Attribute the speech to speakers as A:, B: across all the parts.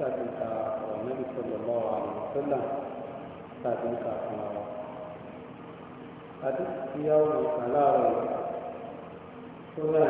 A: tàbí ka ọ̀rọ̀ níbi sọ̀rọ̀
B: lọ́wọ́ àwọn sọ́là tàbí ka fún wa. àdìsí yàwó kàláàrọ̀ tó rà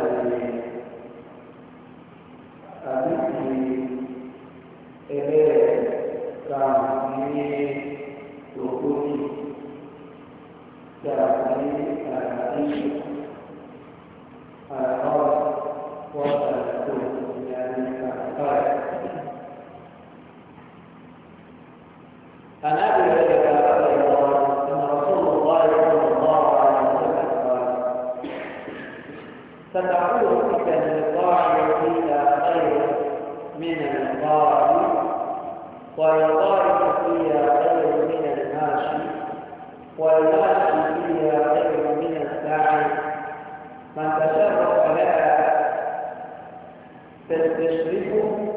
A: فاستشركوا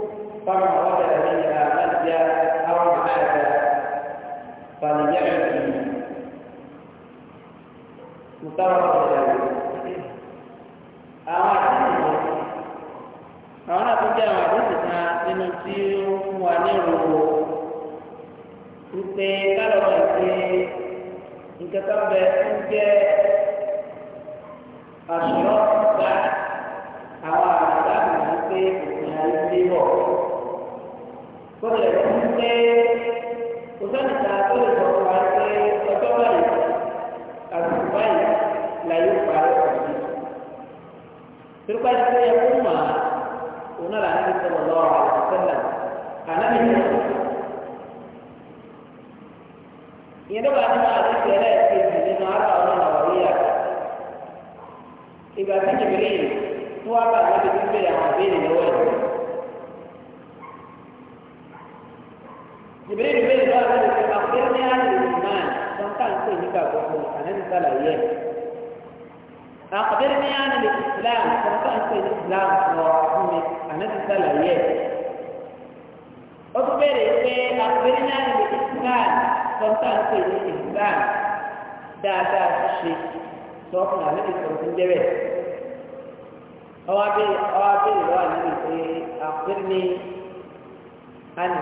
A: فما وجد منها مزيا أو معادا فليعلم منها
B: متفق عليه
A: àwọn àdéhùn
B: àwọn àtúnjẹ àwọn àdéhùn kan nínú tí ó fún wa ní ìròwò wípé kálọ̀ náà ṣe nǹkan tó ń bẹ ń jẹ́ àṣùrọ̀.
A: bó tilẹ̀ kó ń pé kò sẹ́ni ta tó lè sọ fún wa pé ọjọ́ báyìí àgùkù báyìí la yóò parí ọ̀sẹ̀ tìrúkàtì tó yẹ kó mà òun náà láti sọ̀rọ̀ lọ́wọ́ àlùfẹ́lẹ̀ ànámi ní ọ̀sẹ̀ ìyẹn tó bá ti máa ti tẹ̀lé kejì nínú ara ọ̀nà ọ̀ríyà ìgbà tí kìbìrì tó wá bá àgbàdo tó ń bèrè àwọn ìbéèrè lọ́wọ́ ẹ̀
B: pé ní àlùfáà wọn kà ń pè nígbà gbogbo ànábì sàlàyé àkàbẹ́rẹ́ ní àlè islam wọn kà ń pè ní islam lọ fún mi ànábì sàlàyé ó tún bẹ̀rẹ̀ pé àkàbẹ́rẹ́ ní àlè islam wọn kà ń pè ní islam dáadáa ṣíṣe sọ fún ànábì sọ̀tún jẹ́rẹ̀ ọwọ́ abẹ́rẹ́ lọ́wọ́ ànábì pé àkàbẹ́rẹ́ ní àlè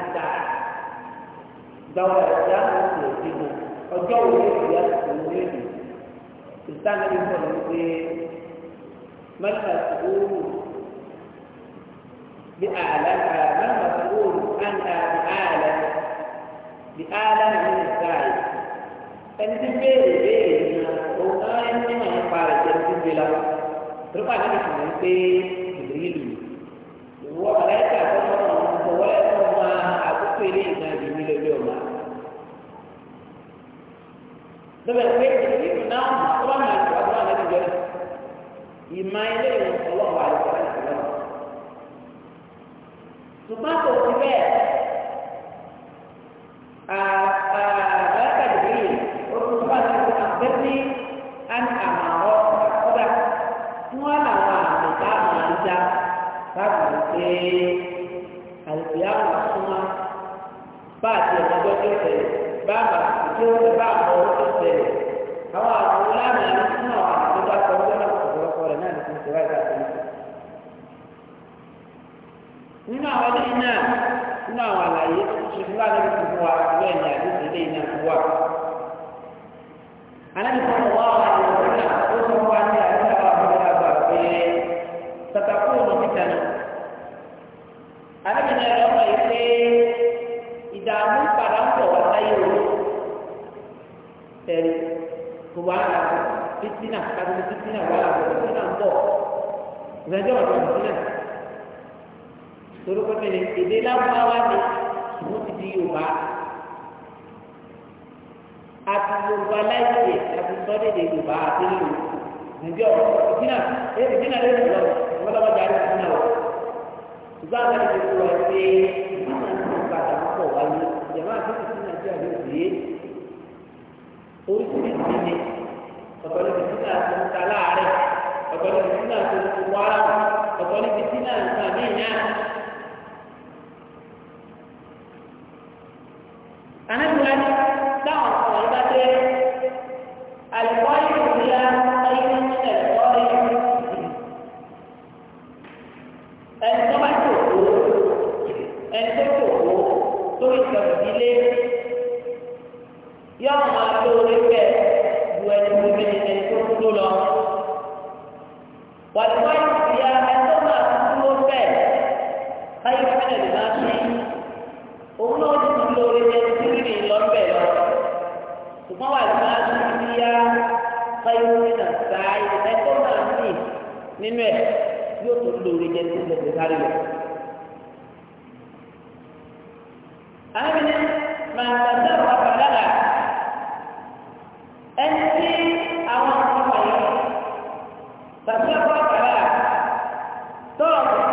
B: gbàwé àjà kò sí mu ọjọ́ wo ni ìyá kò ní èdè ìsáná ní bọ̀dọ̀ wípé mẹ́ta sùúrù bí àlá mẹ́ta sùúrù àǹtà bí àlá bí àlá ní ìsáyé ẹni tí béèrè béèrè ní ọ̀hún náà ẹni tí wọ́n ń parẹ́ jẹ́ ti gbé la torí pàdé nìkan wípé.
A: lọ́wọ́ pé ìlú náà mọ̀ ọ́ bá máa tó àbúrò àlẹ́ ìjọ rẹ̀ ìmọ̀ ilé ìwọ̀n ọlọ́wọ́ àlẹ́ ìjọ rẹ̀ ṣùgbọ́n kò sí bẹ́ẹ̀
B: àbájáde yìí ó tún bá ti fún abẹ́sí
A: àmì àmàwọ́ kódà
B: tí wọ́n làwọn àmì tá a máa ń já láti àlùfíà wọn súnmọ́ bá àti ẹ̀mọ́jọ́ tó bàbá tí ó ti bá àwọn ọ̀rọ̀ tó tẹ̀lé àwọn àwọn ọ̀lànà nínú àwọn àti bá sọ ọjọ́ náà ọ̀pọ̀lọpọ̀ rẹ̀ náà nìkan ti wáyé àti nìkan.
A: nínú àwọn ilé náà nínú àwọn àlàyé ṣùgbọ́n fún wa lẹ́yìn àdéhùn ilé náà wà. àlejò fún
B: fitina kàdúrà fitina wàhálà bọ̀ fitina ń
A: bọ̀ ìgbàjọ́ ọ̀dọ̀ fitina
B: torí pé kẹ́lẹ́ èdè lábáwá ni wọ́n ti di yorùbá àti yorùbá láìpẹ́ àti sọ́dẹ̀dẹ̀ yorùbá àti lò ìgbàjọ́ fitina èyí fitina lè lọ wọ́n lọ́wọ́ jà ní fitina wọ̀ ìgbà wọn ti fi wọ́n ṣe ìgbà wọn ti gbàdá pọ̀ wáyé ìjàmbá àti fitina jẹ́ àlejò yìí oríṣiríṣi
A: tó ń ta láàárẹ̀ ọ̀tọ̀ ní fìtínà tó ń wá ọ̀tọ̀ ní fìtínà nǹkan mí ìyá. Anábìlá ní táwọn ọ̀rọ̀ yìí bá tó tó kó ẹni máa tó orí bẹ́ẹ̀ ju ẹni tó kúrò lọ. wàlúwà ìyá ẹjọ́ máa ti kúrò bẹ́ẹ̀ táyé fẹ́lẹ̀ lè máa ṣe òun náà ti kúrò lórí
B: ẹni tí kìíní lọ́nbẹ̀ lọ. ṣùgbọ́n wàlúwà ìyá táyé fẹ́lẹ̀ náà sáà ẹjọ́ máa ń nì nínú ẹ̀ yóò tó lórí ẹni tí kìíní lọ́nbẹ̀ lọ.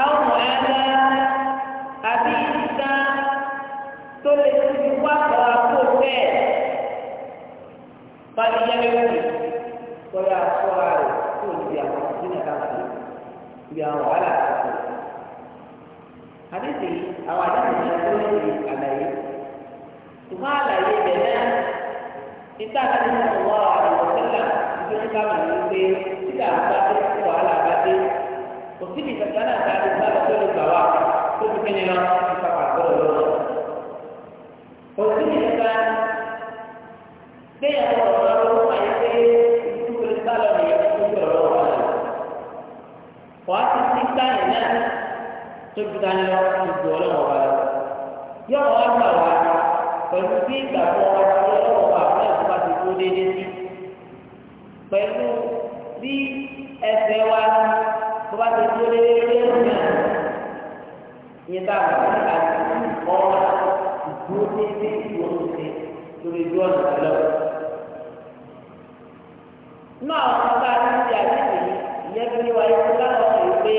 B: àwọn ẹ̀rọ àbí ìta tó lè ti wá kọ́ àpò bẹ́ẹ̀ pàdé yẹlẹ wù kọ́yà sọ àrò tó ti di àwọn ìdílé káfíń ibi àwọn wàhálà àti àdéhùn àwọn àdéhùn yẹn tó lè di àlàyé
A: ṣùgbọ́n àlàyé bẹ̀ náà níta àti ìwọ̀n àwọn ọ̀sẹ̀ là ń gbé títà àgbà tó wàhálà bá dé. Mungkin bisa jalan dari sana ke bawah, terus begini loh, kita kabur
B: Mungkin bisa jalan,
A: dia yang orang rumah yang dia itu bersalah dia itu berlawan.
B: Waktu kita ini, terus kita ini orang.
A: Ya orang bawah, pẹ̀lú bí ìgbàgbọ́ ọ̀rọ̀ ọlọ́wọ́
B: wà tó bá ti dúró lé lé lé ìyẹn tá a bá ti àti ọ̀rọ̀ ìdúró lé lé ìwọ̀n tó ṣe lórí ìdúró ọ̀nà lọ́wọ́. náà wọn bá a ti ṣe àtẹ̀lé ìyẹn fi wáyé tó láwọn ọ̀rọ̀ pé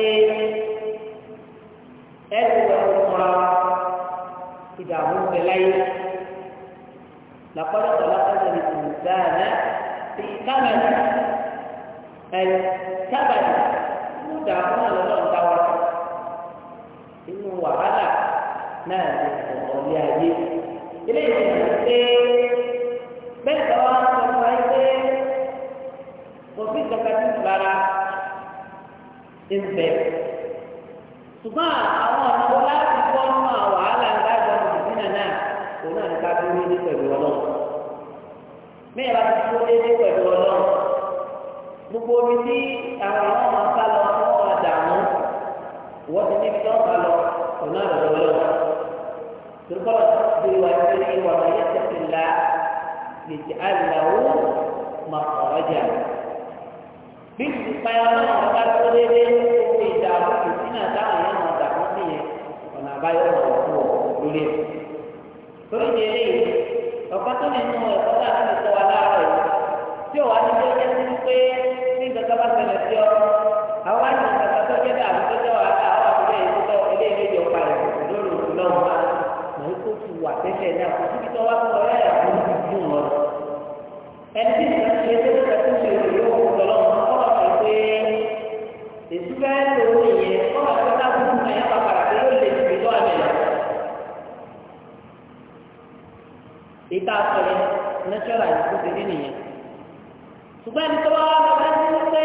B: ẹ̀rù ẹ̀rù mọ́ra ìdààmú bẹ láyé làkọ́dọ̀ tó lákọ́dọ̀ lè tù dáadáa sí kábàdì ẹ̀ kábàdì ìdààmú náà lọ́nà ń bá wa lọ inú wàhálà náà ní ọ̀rọ̀ ayé ilé ìgbìmọ̀ pé bẹ́ẹ̀ bá wa sọ fún wa pé kò sí ìjọba tí ń bára ń bẹ̀ ṣùgbọ́n àwọn ọ̀nà wo láti bọ́ nínú wàhálà ń dájọ́ ìdílé náà òun náà nípa tó ní ní pẹ̀lú ọlọ́run mẹ́ẹ̀ bá ti tó ní ní pẹ̀lú ọlọ́run gbogbo omi tí àwọn ọmọ máa ń bá lọ dààmú
A: wọ́n ti ní kí ọ̀gá lọ ọ̀nà àdàlọ́ lọ. Turkọ́ bí wà ní ìwà ayé tẹ̀sí la lè ti àlàó mà ọ̀rọ̀ jà.
B: Bí ti payá náà wọ́n bá tó dédé owó ìdààmú ìsínà táwọn yẹn máa dààmú nìyẹn ọ̀nà àbáyọ ọ̀rọ̀ lórí ẹ̀. Torí ti eré ọ̀pá tó nínú ẹ̀kọ́ náà ìta sọ̀rọ̀ nẹ́tíọ́lá ìdìbò ti rí nìyẹn. ṣùgbọ́n ẹni tó bá wà lọ́wọ́ sí wípé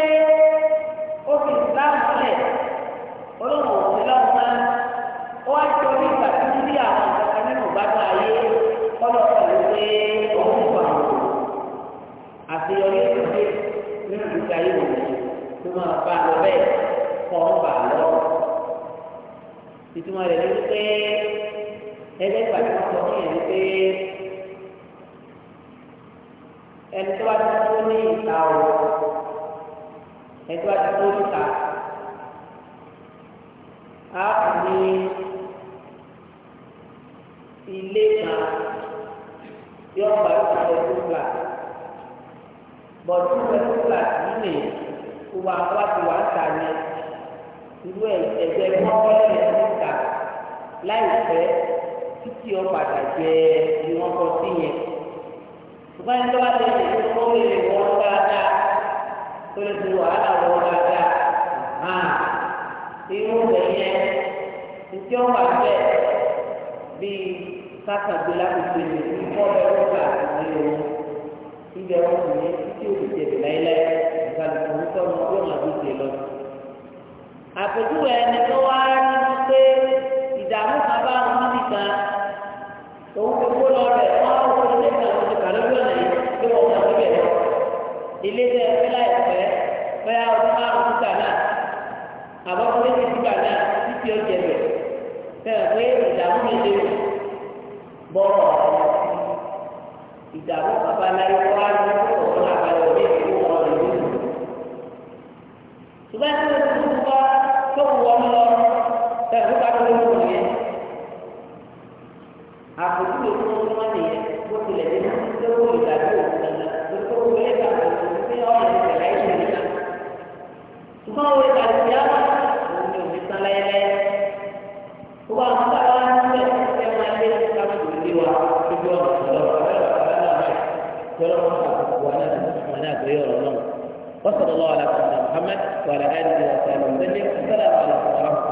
B: ó fi ìsìláàmù sílẹ̀ olóhùn òsì lọ́wọ́ náà ó wá ti orí ìgbà tí wọ́n rí àwọn ìgbàgbọ́ nínú ìgbàgbọ́ ayé ọlọ́ọ̀sán wípé òun ti wà lọ́wọ́
A: àṣeyọrí ìdílé nínú ìgbà ayé wò ló máa bá lọ bẹ́ẹ̀ kọ́ ń bà lọ.
B: ìtumọ̀ rẹ̀ ni wípé
A: ẹgbẹ́ ìgbà tí wọ́n sọ
B: ẹni tó bá ti tó ní ìta o
A: ẹni tó bá ti tó níta
B: á ní ilé kan yọ ọgbà tó ń bẹ tó gbà bọ̀dún bẹ gbà sí ní ìwà wá ti wà ń ta ní irú ẹ̀jẹ̀ mọ́kànlélẹ̀ níta láìpẹ́ títí ọ̀padà jẹ́ ìwọ̀n kan sí yẹn ṣùgbọ́n ẹni tó bá ti ṣe kó lè wọ́n dáadáa tó lè fi wàhálà wọ́n dáadáa hàn irú ẹ̀yẹ ìjọ wà bẹ́ẹ̀ bíi sákàgbélá gbogbo ìlú ìfọ́ bẹ́ẹ̀ wọ́n bá àtúnṣe wọn ibẹ̀ wọn kò ní títí òkùnkùn ẹni tó ilé tẹ ẹ fẹlẹ ẹfẹ bẹ́ẹ̀ ọdún márùn ún gbà náà
A: àbọ̀kọ́ méjì ti gbà náà títí ọjà
B: rẹ̀ fẹ́ẹ̀ pé ìdààmú mi lè bọ̀rọ̀ ìdààmú bàbá láyé wá ní ọ̀rọ̀ àbáyọ̀ ní ìlú ọ̀rọ̀ ìlú. ṣùgbọ́n tí wọ́n ti kú wá tó wù wọ́n lọ fẹ́ẹ̀ fún bàbá tó wù yẹn. àpòjúwe fún wọn nìyẹn bó tilẹ̀ ní wọ́n ti dẹ́wọ́ ìdàgbò.
A: وصلى الله على سيدنا محمد وعلى آله وصحبه وسلم السلام عليكم ورحمة الله